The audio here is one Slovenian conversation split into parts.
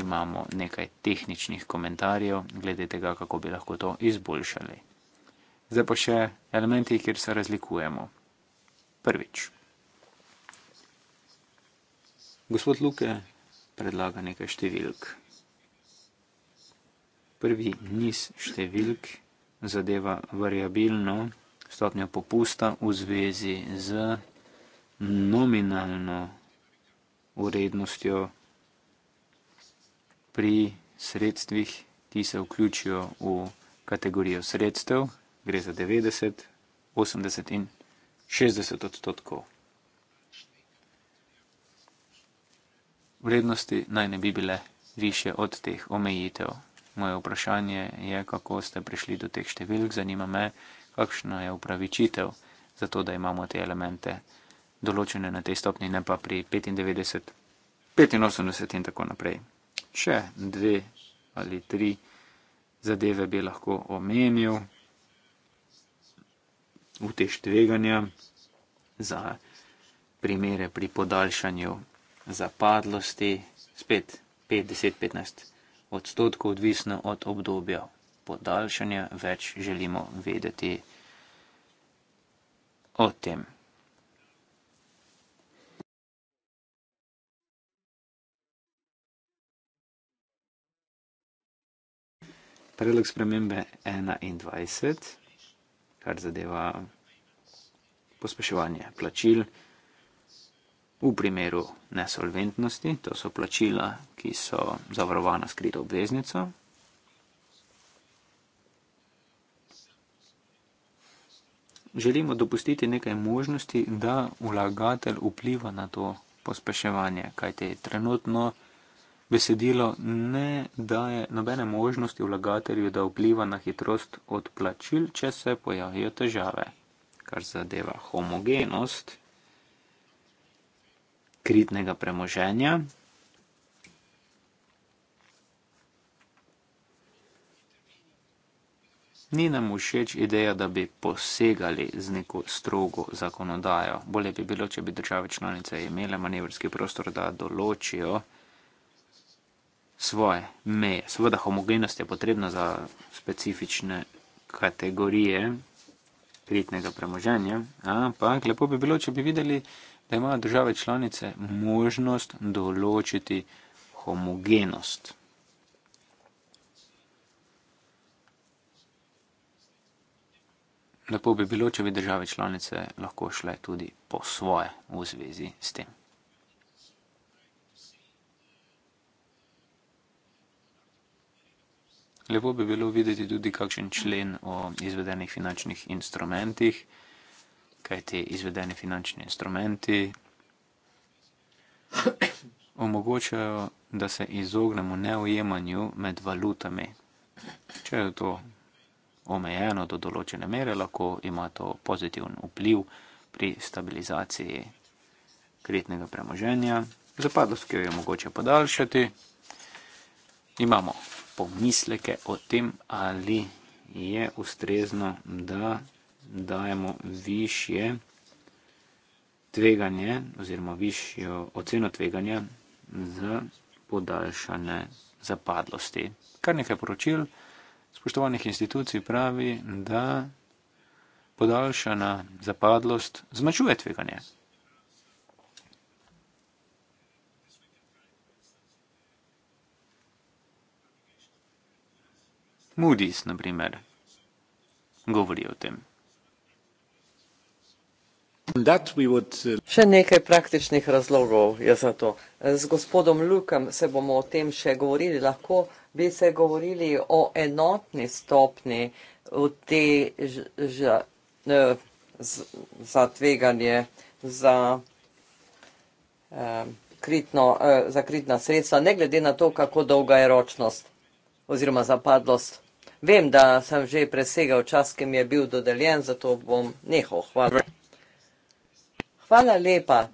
imamo nekaj tehničnih komentarjev glede tega, kako bi lahko to izboljšali. Zdaj pa še elementi, kjer se razlikujemo. Prvič. Gospod Luke predlaga nekaj številk. Prvi niz številk zadeva variabilno stopnjo popusta v zvezi z nominalno urednostjo pri sredstvih, ki se vključijo v kategorijo sredstev, gre za 90, 80 in 60 odstotkov. Vrednosti naj ne bi bile više od teh omejitev. Moje vprašanje je, kako ste prišli do teh številk, zanima me, kakšna je upravičitev za to, da imamo te elemente določene na tej stopni, ne pa pri 95, 85 in tako naprej. Če dve ali tri zadeve bi lahko omenil, utež tveganja za primere pri podaljšanju zapadlosti, spet 5-10-15 odstotkov, odvisno od obdobja podaljšanja, več želimo vedeti o tem. predlog spremembe 21, kar zadeva pospeševanje plačil v primeru nesolventnosti. To so plačila, ki so zavarovana skrito obveznico. Želimo dopustiti nekaj možnosti, da vlagatelj vpliva na to pospeševanje, kajte trenutno. Besedilo ne daje nobene možnosti vlagatelju, da vpliva na hitrost odplačil, če se pojavijo težave, kar zadeva homogenost kritnega premoženja. Ni nam všeč ideja, da bi posegali z neko strogo zakonodajo. Bolje bi bilo, če bi države članice imele manevrski prostor, da določijo, svoje meje. Seveda, homogenost je potrebna za specifične kategorije kritnega premoženja, ampak lepo bi bilo, če bi videli, da imajo države članice možnost določiti homogenost. Lepo bi bilo, če bi države članice lahko šle tudi po svoje v zvezi s tem. Lepo bi bilo videti tudi kakšen člen o izvedenih finančnih instrumentih, kaj ti izvedeni finančni instrumenti omogočajo, da se izognemo neujemanju med valutami. Če je to omejeno do določene mere, lahko ima to pozitiven vpliv pri stabilizaciji kreditnega premoženja. Zapadlost, ki jo je mogoče podaljšati, imamo pomisleke o tem, ali je ustrezno, da dajemo višje tveganje oziroma višjo oceno tveganja za podaljšane zapadlosti. Kar nekaj poročil spoštovanih institucij pravi, da podaljšana zapadlost zmačuje tveganje. Moody's, na primer, govori o tem. Would... Uh, še nekaj praktičnih razlogov je za to. Z gospodom Lukem se bomo o tem še govorili. Lahko bi se govorili o enotni stopni v te ž, ž, eh, z, za tveganje za, eh, kritno, eh, za kritna sredstva, ne glede na to, kako dolga je ročnost oziroma zapadlost. Vem, da sem že presegal čas, ki mi je bil dodeljen, zato bom nehal. Hvala. Hvala lepa.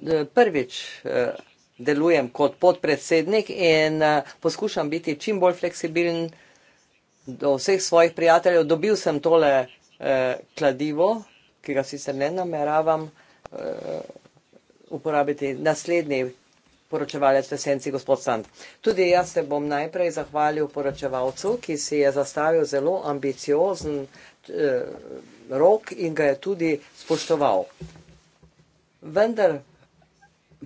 E, prvič e, delujem kot podpredsednik in e, poskušam biti čim bolj fleksibilen do vseh svojih prijateljev. Dobil sem tole kladivo, ki ga sicer ne nameravam uporabiti naslednji poročevalec v senci gospod Sand. Tudi jaz se bom najprej zahvalil poročevalcu, ki si je zastavil zelo ambiciozen eh, rok in ga je tudi spoštoval. Vendar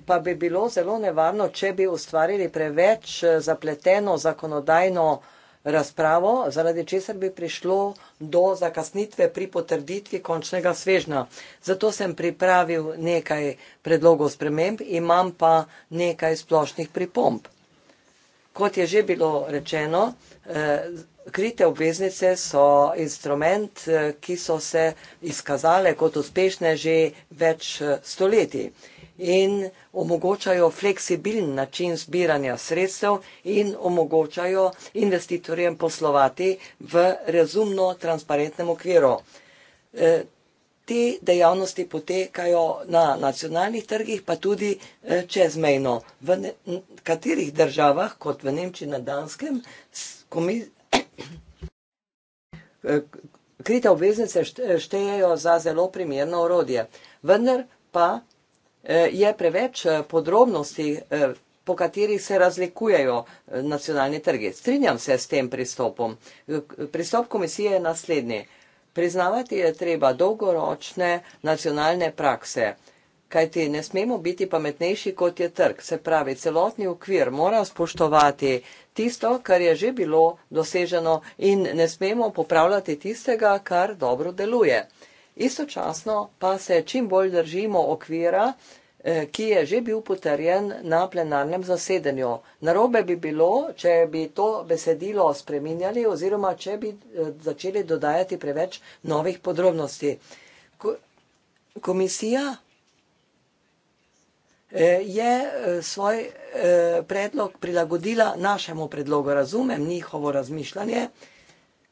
pa bi bilo zelo nevarno, če bi ustvarili preveč eh, zapleteno zakonodajno eh, razpravo, zaradi česar bi prišlo do zakasnitve pri potrditvi končnega svežna. Zato sem pripravil nekaj predlogov sprememb, imam pa nekaj splošnih pripomb. Kot je že bilo rečeno, eh, krite obveznice so instrument, eh, ki so se izkazale kot uspešne že več eh, stoletij in omogočajo fleksibilen način zbiranja sredstev in omogočajo investitorjem poslovati v razumno transparentnem okviru. E, te dejavnosti potekajo na nacionalnih trgih, pa tudi e, čezmejno. V ne, n, katerih državah, kot v Nemčiji, na Danskem, e, krite obveznice e, štejejo za zelo primerno orodje. Vendar pa Eh, je preveč eh, podrobnosti, eh, po katerih se razlikujejo nacionalni trgi. Strinjam se s tem pristopom. Pristop komisije je naslednji. Priznavati je treba dolgoročne nacionalne prakse, kajti ne smemo biti pametnejši, kot je trg. Se pravi, celotni okvir mora spoštovati tisto, kar je že bilo doseženo in ne smemo popravljati tistega, kar dobro deluje. Istočasno pa se čim bolj držimo okvira, eh, ki je že bil potrjen na plenarnem zasedanju. Narobe bi bilo, če bi to besedilo spreminjali oziroma če bi eh, začeli dodajati preveč novih podrobnosti. Komisija eh, je svoj predlog prilagodila našemu predlogu, razumem njihovo razmišljanje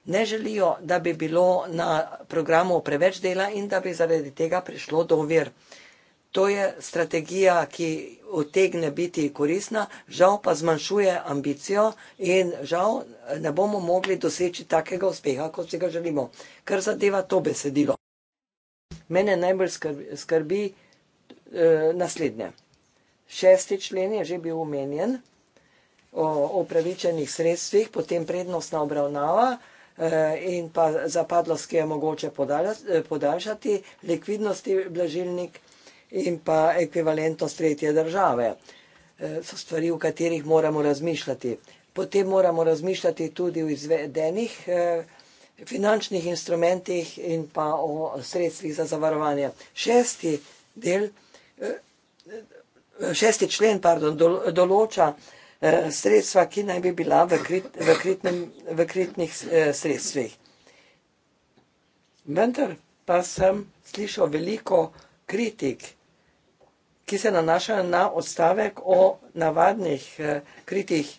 ne želijo, da bi bilo na programu preveč dela in da bi zaradi tega prišlo do ovir. To je strategija, ki otegne biti korisna, žal pa zmanjšuje ambicijo in žal ne bomo mogli doseči takega uspeha, kot si ga želimo, kar zadeva to besedilo. Mene najbolj skrbi, skrbi eh, e, naslednje. Šesti člen je že bil omenjen o upravičenih sredstvih, potem prednostna obravnava. Eh, in pa zapadlost, ki je mogoče eh, podaljšati, likvidnosti blažilnik in pa ekvivalentnost tretje države. Eh, so stvari, v katerih moramo razmišljati. Potem moramo razmišljati tudi o izvedenih finančnih instrumentih in pa o sredstvih za zavarovanje. Šesti del, šesti člen, pardon, določa, Eh, sredstva, ki naj bi bila v, krit, v, kritnem, v kritnih eh, sredstvih. Vendar pa sem slišal veliko kritik, ki se nanašajo na odstavek o navadnih eh, kritih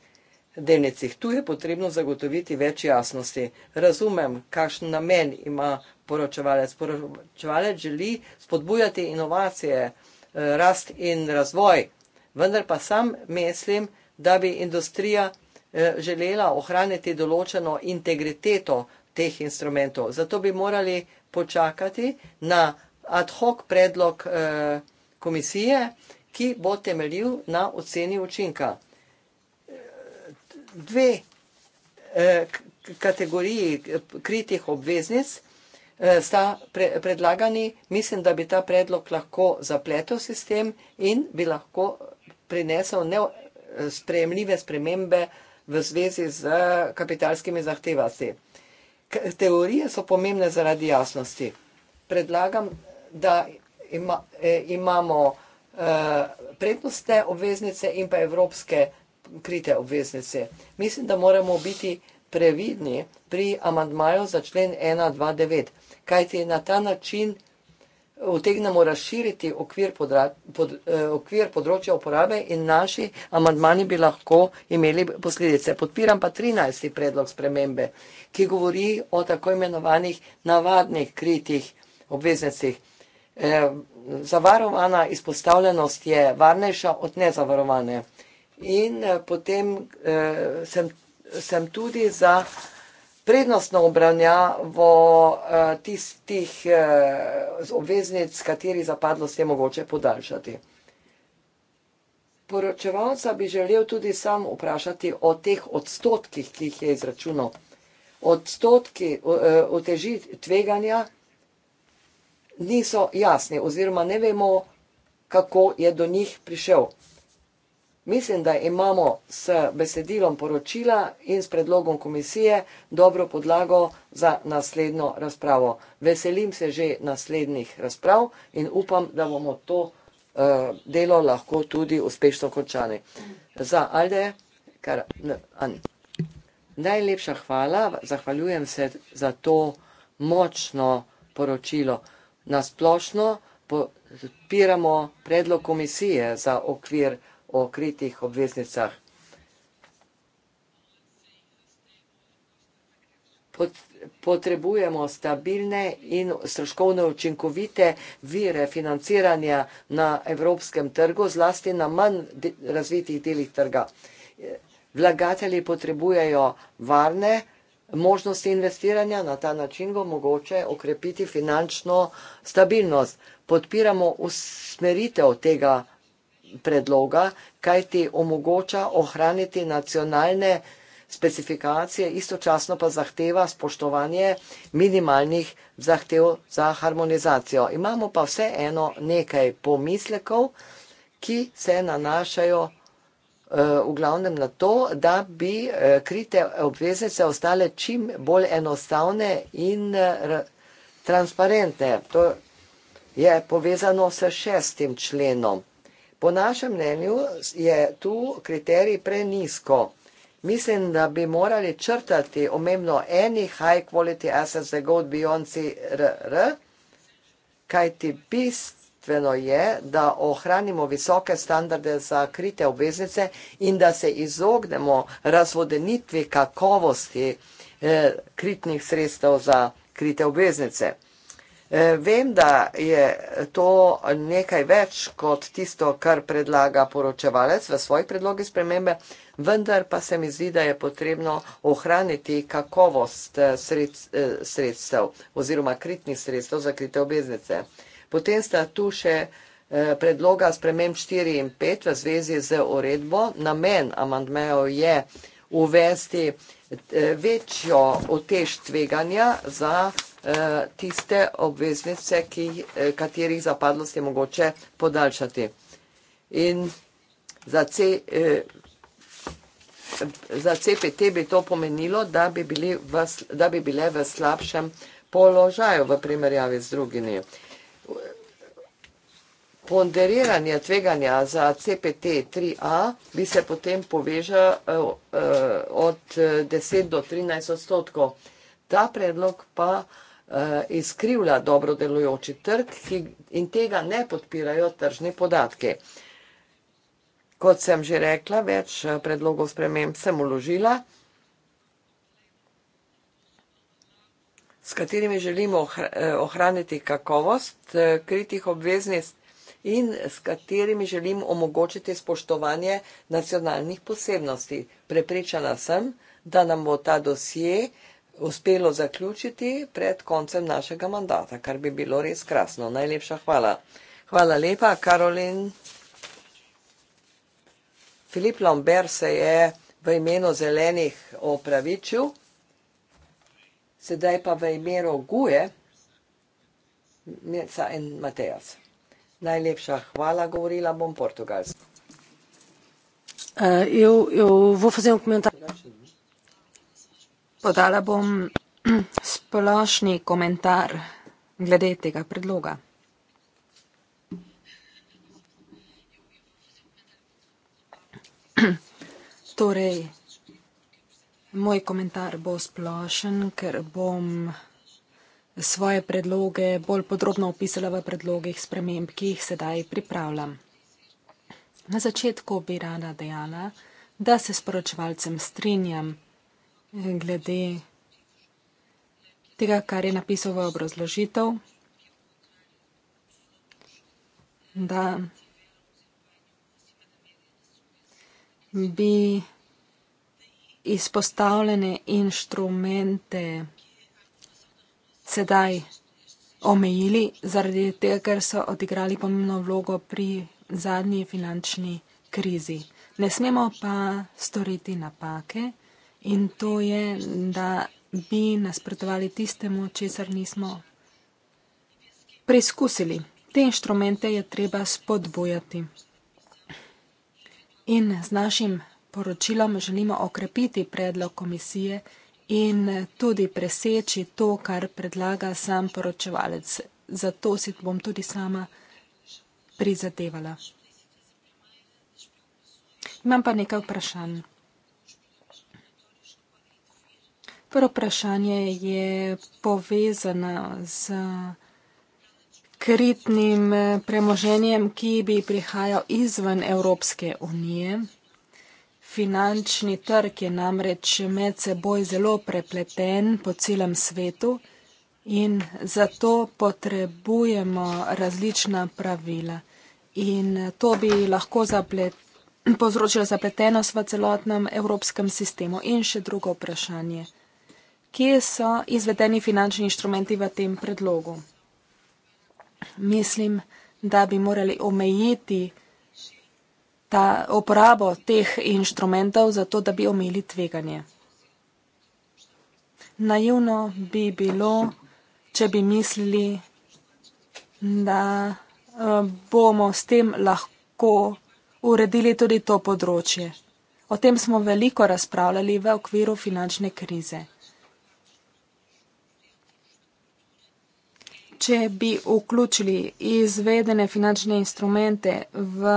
delnicih. Tu je potrebno zagotoviti več jasnosti. Razumem, kakšen namen ima poročevalec. Poročevalec želi spodbujati inovacije, rast in razvoj. Vendar pa sam mislim, da da bi industrija eh, želela ohraniti določeno integriteto teh instrumentov. Zato bi morali počakati na ad hoc predlog eh, komisije, ki bo temeljil na oceni učinka. Dve eh, kategoriji kritih obveznic sta predlagani. Mislim, da bi ta predlog lahko zapletel sistem in bi lahko prinesel sprejemljive spremembe v zvezi z kapitalskimi zahtevami. Teorije so pomembne zaradi jasnosti. Predlagam, da ima, eh, imamo eh, prednostne obveznice in pa evropske krite obveznice. Mislim, da moramo biti previdni pri amantmaju za člen 129, kajti na ta način utegnemo razširiti okvir, podra, pod, eh, okvir področja uporabe in naši amadmani bi lahko imeli posledice. Podpiram pa 13. predlog spremembe, ki govori o tako imenovanih navadnih kritih obveznicah. Eh, zavarovana izpostavljenost je varnejša od nezavarovane. In eh, potem eh, sem, sem tudi za prednostno obravnjavo uh, eh, tistih uh, obveznic, kateri zapadlost je mogoče podaljšati. Poročevalca bi želel tudi sam vprašati o teh odstotkih, ki jih je izračunal. Odstotki eh, oteži uh, tveganja niso jasni oziroma ne vemo, kako je do njih prišel. Mislim, da imamo s besedilom poročila in s predlogom komisije dobro podlago za naslednjo razpravo. Veselim se že naslednjih razprav in upam, da bomo to uh, delo lahko tudi uspešno končali. Za Alde, kar, ne, an, najlepša hvala, zahvaljujem se za to močno poročilo. Nasplošno podpiramo predlog komisije za okvir o kritih obveznicah. Potrebujemo stabilne in stroškovno učinkovite vire financiranja na evropskem trgu, zlasti na manj razvitih delih trga. Vlagatelji potrebujejo varne možnosti investiranja, na ta način bo mogoče okrepiti finančno stabilnost. Podpiramo usmeritev tega predloga, kaj ti omogoča ohraniti nacionalne specifikacije, istočasno pa zahteva spoštovanje minimalnih zahtev za harmonizacijo. Imamo pa vse eno nekaj pomislekov, ki se nanašajo eh, v glavnem na to, da bi eh, krite obveznice ostale čim bolj enostavne in eh, transparentne. To je povezano s šestim členom. Po našem mnenju je tu kriterij prenisko. Mislim, da bi morali črtati omembno eni high quality assets za go beyond CRR, kaj ti bistveno je, da ohranimo visoke standarde za krite obveznice in da se izognemo razvodenitvi kakovosti eh, kritnih sredstev za krite obveznice. Eh, vem, da je to nekaj več kot tisto, kar predlaga poročevalec v svojih predlogih spremembe, vendar pa se mi zdi, da je potrebno ohraniti kakovost eh, eh, sredstev oziroma kritnih sredstev za krite obveznice. Potem sta tu še predloga sprememb 4 in 5 v zvezi z uredbo. Namen amandmejev je uvesti večjo otež tveganja za Eh, tiste obveznice, ki, eh, katerih zapadlost je mogoče podaljšati. In za CPT eh, bi to pomenilo, da bi, bili v, da bi bile v slabšem položaju v primerjavi z drugimi. Ponderiranje tveganja za CPT-3A bi se potem povežal od 10 do 13 odstotkov. Ta predlog pa uh, izkrivlja dobro delujoči trg ki, in tega ne podpirajo tržni podatki. Kot sem že rekla, več eh, predlogov sprememb sem uložila, s katerimi želimo eh, ohraniti kakovost kritih obveznic in s katerimi želim omogočiti spoštovanje nacionalnih posebnosti. Prepričana sem, da nam bo ta dosje eh, uspelo zaključiti pred koncem našega mandata, kar bi bilo res krasno. Najlepša hvala. Hvala lepa, Karolin. Filip Lomber se je v imenu zelenih opravičil, sedaj pa v imenu guje Mirca in Matejas. Najlepša hvala, govorila bom portugalsko. Uh, eu, eu vou fazer um comentário. Podala bom splošni komentar glede tega predloga. Torej, moj komentar bo splošen, ker bom svoje predloge bolj podrobno opisala v predlogih sprememb, ki jih sedaj pripravljam. Na začetku bi rada dejala, da se s poročevalcem strinjam glede tega, kar je napisal v obrazložitev, da bi izpostavljene inštrumente sedaj omejili, zaradi tega, ker so odigrali pomembno vlogo pri zadnji finančni krizi. Ne smemo pa storiti napake in to je, da bi nasprotovali tistemu, česar nismo preizkusili. Te inštrumente je treba spodbujati. In z našim poročilom želimo okrepiti predlog komisije in tudi preseči to, kar predlaga sam poročevalec. Zato si bom tudi sama prizadevala. Imam pa nekaj vprašanj. Prvo vprašanje je povezano z kreditnim premoženjem, ki bi prihajal izven Evropske unije. Finančni trg je namreč med seboj zelo prepleten po celem svetu in zato potrebujemo različna pravila. In to bi lahko zaplet, povzročilo zapletenost v celotnem evropskem sistemu. In še drugo vprašanje kje so izvedeni finančni inštrumenti v tem predlogu. Mislim, da bi morali omejiti ta uporabo teh inštrumentov, zato da bi omejili tveganje. Naivno bi bilo, če bi mislili, da eh, bomo s tem lahko uredili tudi to področje. O tem smo veliko razpravljali v okviru finančne krize. če bi vključili izvedene finančne instrumente v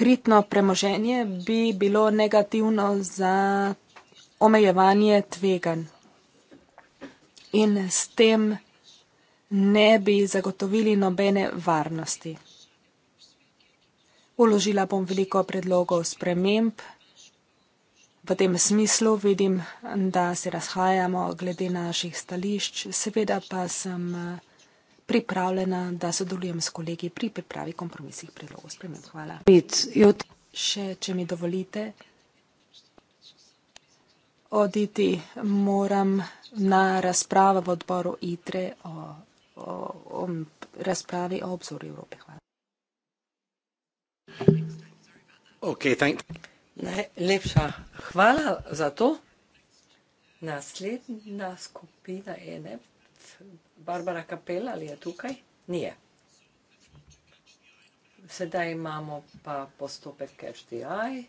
kritno premoženje, bi bilo negativno za omejevanje tveganj. In s tem ne bi zagotovili nobene varnosti. Uložila bom veliko predlogov sprememb. V tem smislu vidim, da se razhajamo glede naših stališč, seveda pa sem pripravljena, da sodelujem s kolegi pri pripravi kompromisih predlogov sprememb. Hvala. Še, če mi dovolite, oditi moram na razpravo v odboru ITRE o, o, o razpravi o obzoru Evrope. Hvala. Okay, thank... Najlepša hvala za to. Naslednja skupina je ne Barbara Kapel ali je tukaj? Nije. Sedaj imamo pa postopek HDI.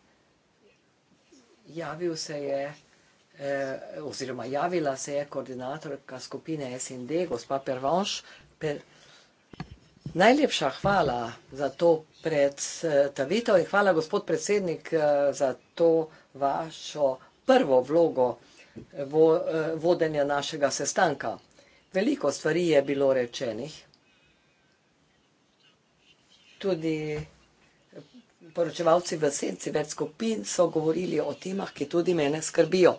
Javil se je, eh, oziroma javila se je koordinatorka skupine SND, gospa Pervanš. Per... Najlepša hvala za to predstavitev in hvala, gospod predsednik, eh, za to vašo prvo vlogo vo, eh, vodenja našega sestanka veliko stvari je bilo rečenih. Tudi poročevalci v senci več skupin so govorili o temah, ki tudi mene skrbijo.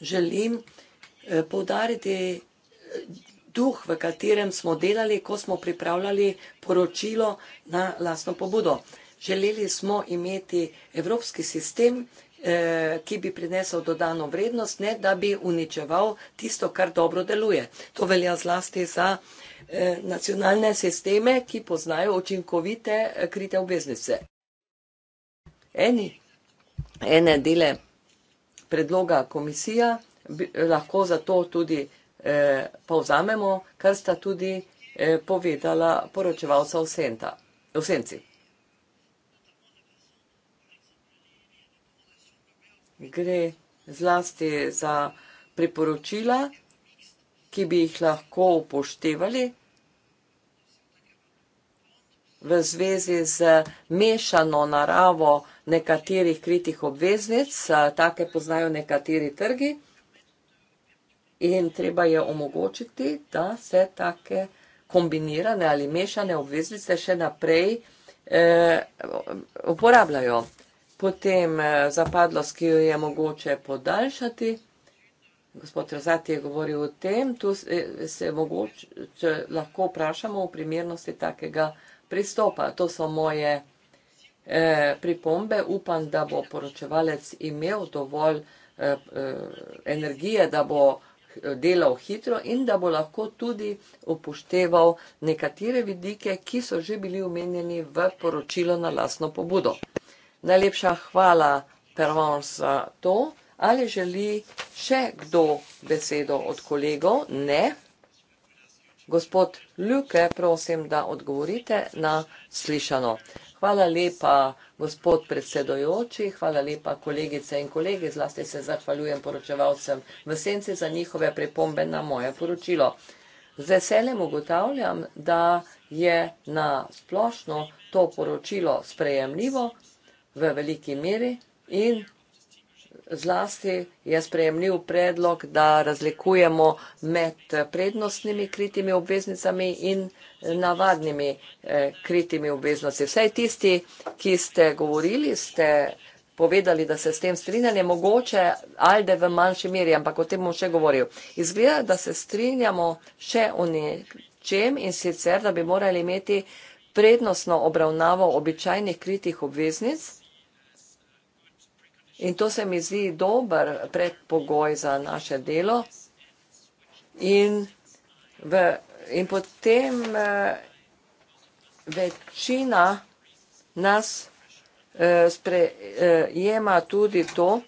Želim eh, povdariti eh, duh, v katerem smo delali, ko smo pripravljali poročilo na lastno pobudo. Želeli smo imeti evropski sistem, Eh, ki bi prinesel dodano vrednost, ne da bi uničeval tisto, kar dobro deluje. To velja zlasti za eh, nacionalne sisteme, ki poznajo učinkovite eh, krite obveznice. Eni, ene dele predloga komisija bi, lahko zato tudi eh, povzamemo, kar sta tudi eh, povedala poročevalca v senci. gre zlasti za priporočila, ki bi jih lahko upoštevali v zvezi z mešano naravo nekaterih kritih obveznic, take poznajo nekateri trgi in treba je omogočiti, da se take kombinirane ali mešane obveznice še naprej eh, uporabljajo potem eh, zapadlost, ki jo je mogoče podaljšati. Gospod Razati je govoril o tem, tu eh, se mogoče, lahko vprašamo o primernosti takega pristopa. To so moje eh, pripombe. Upam, da bo poročevalec imel dovolj eh, eh energije, da bo delal hitro in da bo lahko tudi upošteval nekatere vidike, ki so že bili omenjeni v poročilo na lasno pobudo. Najlepša hvala, Pervan, za to. Ali želi še kdo besedo od kolegov? Ne. Gospod Ljuke, prosim, da odgovorite na slišano. Hvala lepa, gospod predsedojoči, hvala lepa, kolegice in kolegi, zlasti se zahvaljujem poročevalcem v senci za njihove pripombe na moje poročilo. Z veseljem ugotavljam, da je na splošno to poročilo sprejemljivo, v veliki meri in zlasti je sprejemljiv predlog, da razlikujemo med prednostnimi kritimi obveznicami in navadnimi eh, kritimi obveznosti. Vsej tisti, ki ste govorili, ste povedali, da se s tem strinjanje mogoče, ali da v manjši meri, ampak o tem bom še govoril. Izgleda, da se strinjamo še o nečem in sicer, da bi morali imeti prednostno obravnavo običajnih kritih obveznic. In to se mi zdi dober predpogoj za naše delo. In, v, in potem eh, večina nas eh, sprejema eh, tudi to,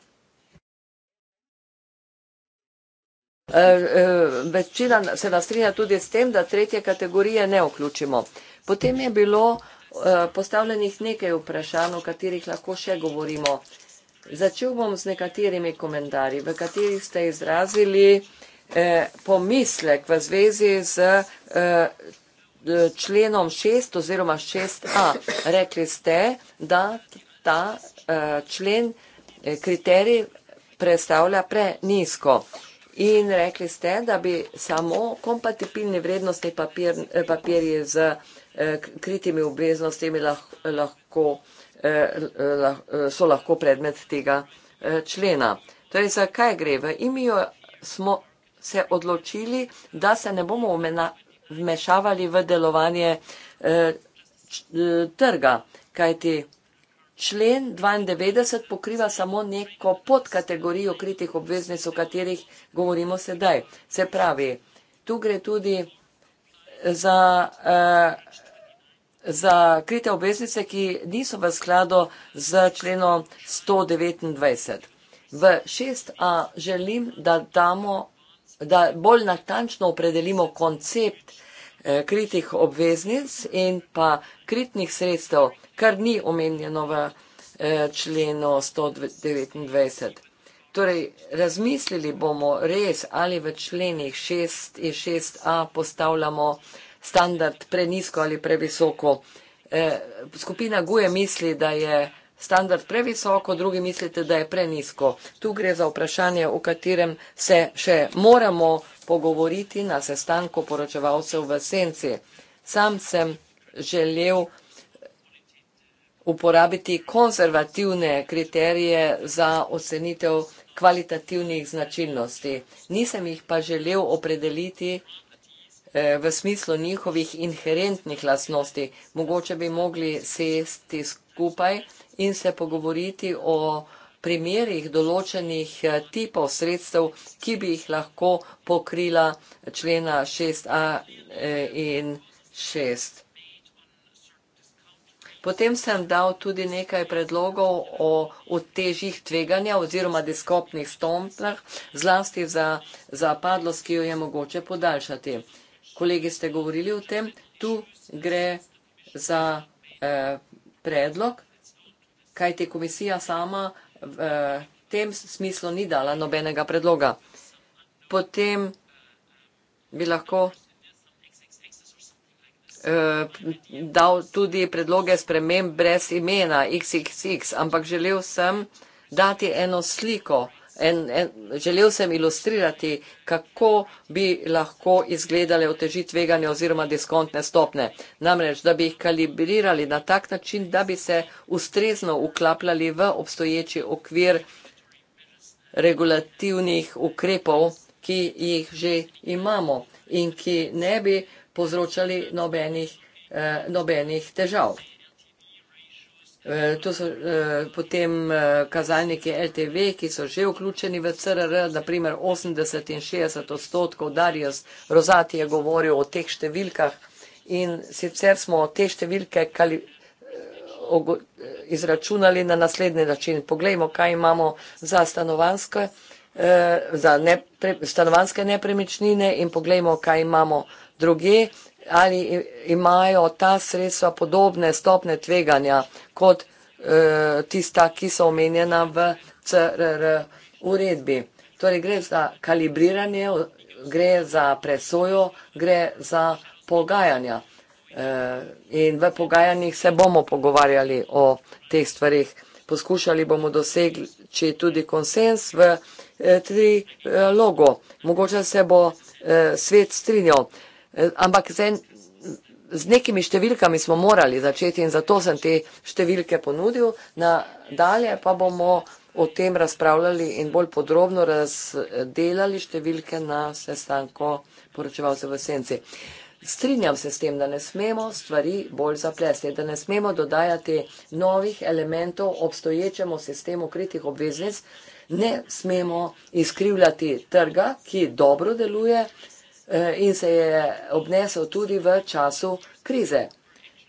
večina se nas strinja tudi s tem, da tretje kategorije ne vključimo. Potem je bilo postavljenih nekaj vprašanj, o katerih lahko še govorimo. Začel bom z nekaterimi komentarji, v katerih ste izrazili eh, pomislek v zvezi z eh, členom 6 oziroma 6a. Rekli ste, da ta eh, člen eh, kriterij predstavlja prenisko. In rekli ste, da bi samo kompatibilni vrednostni papir, eh, papirji z eh, kritimi obveznostimi lah, lahko. Eh, eh, so lahko predmet tega eh, člena. Torej, zakaj gre? V imijo smo se odločili, da se ne bomo vmešavali v delovanje trga, kajti člen 92 pokriva samo neko podkategorijo kritih obveznic, o katerih govorimo sedaj. Se pravi, tu gre tudi za. Uh, za krite obveznice, ki niso v skladu z členom 129. V 6a želim, da, damo, da bolj natančno opredelimo koncept eh, kritih obveznic in pa kritnih sredstev, kar ni omenjeno v eh, členu 129. Torej, razmislili bomo res, ali v členih 6 in 6a postavljamo standard prenisko ali previsoko. Eh, skupina Guje misli, da je standard previsoko, drugi mislite, da je prenisko. Tu gre za vprašanje, o katerem se še moramo pogovoriti na sestanku poročevalcev v senci. Sam sem želel uporabiti konzervativne kriterije za ocenitev kvalitativnih značilnosti. Nisem jih pa želel opredeliti Eh, v smislu njihovih inherentnih lastnosti. Mogoče bi mogli sesti skupaj in se pogovoriti o primerih določenih eh, tipov sredstev, ki bi jih lahko pokrila člena 6a eh, in 6. Potem sem dal tudi nekaj predlogov o, o težjih tveganja oziroma diskopnih stompnah, zlasti za zapadlost, ki jo je mogoče podaljšati kolegi ste govorili o tem, tu gre za eh, predlog, kaj te komisija sama v eh, tem smislu ni dala nobenega predloga. Potem bi lahko eh, dal tudi predloge sprememb brez imena XXX, ampak želel sem dati eno sliko predloga, En, en, želel sem ilustrirati, kako bi lahko izgledale oteži tveganja oziroma diskontne stopne. Namreč, da bi jih kalibrirali na tak način, da bi se ustrezno uklapljali v obstoječi okvir regulativnih ukrepov, ki jih že imamo in ki ne bi povzročali nobenih, eh, nobenih težav. Eh, to so eh, potem eh, kazalniki LTV, ki so že vključeni v CRR, naprimer 80 in 60 odstotkov. Darius Rozati je govoril o teh številkah in sicer smo te številke kali, eh, og, eh, izračunali na naslednji način. Poglejmo, kaj imamo za stanovanske, eh, za ne, pre, stanovanske nepremičnine in poglejmo, kaj imamo druge ali imajo ta sredstva podobne stopne tveganja kot e, tista, ki so omenjena v CRR uredbi. Torej gre za kalibriranje, gre za presojo, gre za pogajanja. E, in v pogajanjih se bomo pogovarjali o teh stvarih. Poskušali bomo doseči tudi konsens v e, eh, tri e, logo. Mogoče se bo e, svet strinjal. Eh, ampak zdaj z nekimi številkami smo morali začeti in zato sem te številke ponudil. Nadalje pa bomo o tem razpravljali in bolj podrobno razdelali številke na sestanko poročevalcev v senci. Strinjam se s tem, da ne smemo stvari bolj zaplesti, da ne smemo dodajati novih elementov obstoječemu sistemu kritih obveznic, ne smemo izkrivljati trga, ki dobro deluje, E, in se je obnesel tudi v času krize.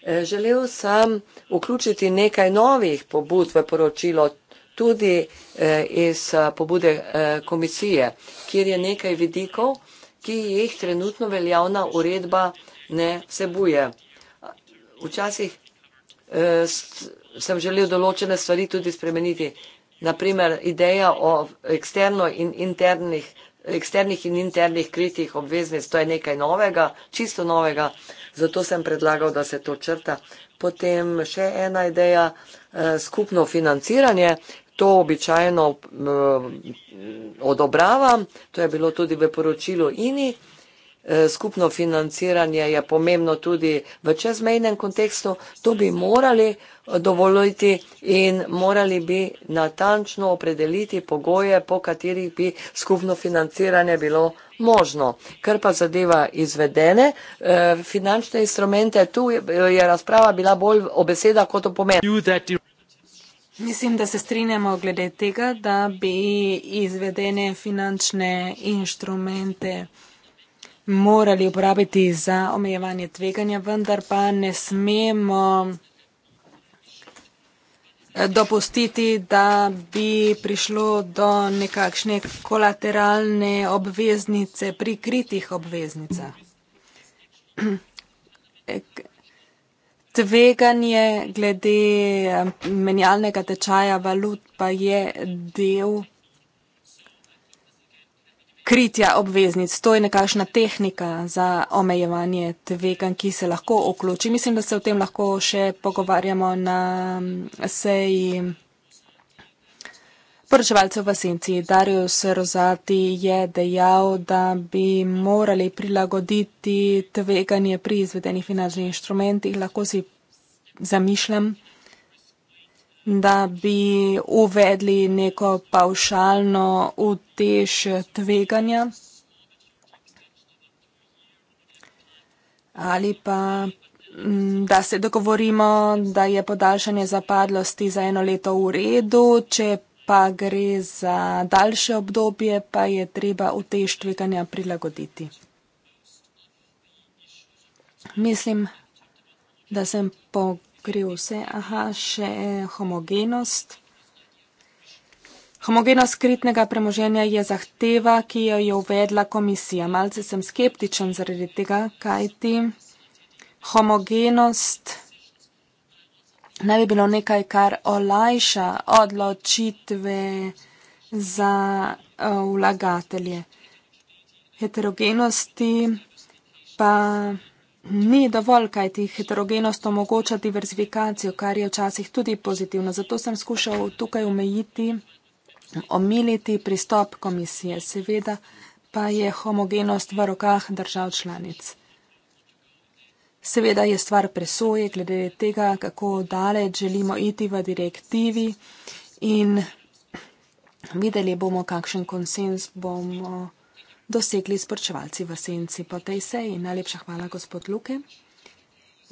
E, želel sem vključiti nekaj novih pobud v poročilo, tudi e, iz pobude komisije, kjer je nekaj vidikov, ki jih trenutno veljavna uredba ne vsebuje. Včasih sem želel določene stvari tudi spremeniti, naprimer ideja o eksternih in internih eksternih in internih kritih obveznic, to je nekaj novega, čisto novega, zato sem predlagal, da se to črta. Potem še ena ideja, eh, skupno financiranje, to običajno eh, odobravam, to je bilo tudi v poročilu INI. Eh, skupno financiranje je pomembno tudi v čezmejnem kontekstu, to bi morali eh, dovoliti in morali bi natančno opredeliti pogoje, po katerih bi skupno financiranje bilo možno. Ker pa zadeva izvedene eh, finančne instrumente, tu je razprava bila bolj o beseda kot o pomenu. Mislim, da se strinjamo glede tega, da bi izvedene finančne inštrumente uh, morali uporabiti za omejevanje tveganja, vendar pa ne smemo eh, dopustiti, da bi prišlo do nekakšne kolateralne obveznice pri kritih obveznicah. Eh, tveganje glede eh, menjalnega tečaja valut pa je del kritja obveznic. To je nekakšna tehnika za omejevanje tvegan, ki se lahko vključi. Mislim, da se o tem lahko še pogovarjamo na mm, seji. Poročevalcev v senci Darius Rozati je dejal, da bi morali prilagoditi tveganje pri izvedenih finančnih inštrumentih. Lahko si zamišljam, da bi uvedli neko pavšalno utež tveganja ali pa mm, da se dogovorimo, da je podaljšanje zapadlosti za eno leto v redu, če pa gre za daljše obdobje, pa je treba utež tveganja prilagoditi. Mislim, da sem pogledal pokril vse. Aha, še eh, homogenost. Homogenost skritnega premoženja je zahteva, ki jo je uvedla komisija. Malce sem skeptičen zaradi tega, kaj ti. Homogenost naj bi bilo nekaj, kar olajša odločitve za eh, vlagatelje. Heterogenosti pa ni dovolj, kaj ti heterogenost omogoča diverzifikacijo, kar je včasih tudi pozitivno. Zato sem skušal tukaj omejiti, omiliti pristop komisije. Seveda pa je homogenost v rokah držav članic. Seveda je stvar presoje glede tega, kako daleč želimo iti v direktivi in videli bomo, kakšen konsens bomo dosegli sporočevalci v senci po tej seji. Najlepša hvala, gospod Luke,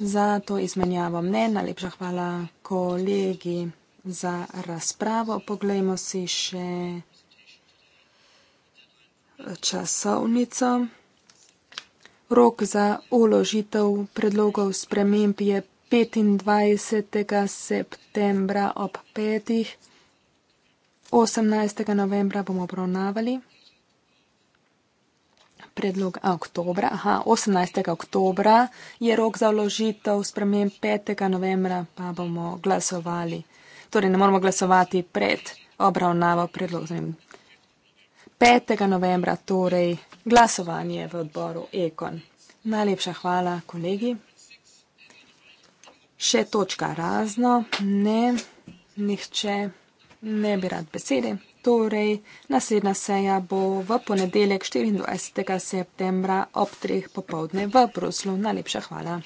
za to izmenjavo mnen. Najlepša hvala, kolegi, za razpravo. Poglejmo si še časovnico. Rok za uložitev predlogov sprememb je 25. septembra ob 5. 18. novembra bomo obravnavali predlog oktobra. Aha, 18. oktobra je rok za vložitev, spremem 5. novembra pa bomo glasovali. Torej, ne moramo glasovati pred obravnavo predlogom. 5. novembra, torej glasovanje v odboru Ekon. Najlepša hvala, kolegi. Še točka razno. Ne, nihče ne bi rad besede. Torej, naslednja seja bo v ponedeljek 24. septembra ob 3. popovdne v Bruslu. Najlepša hvala.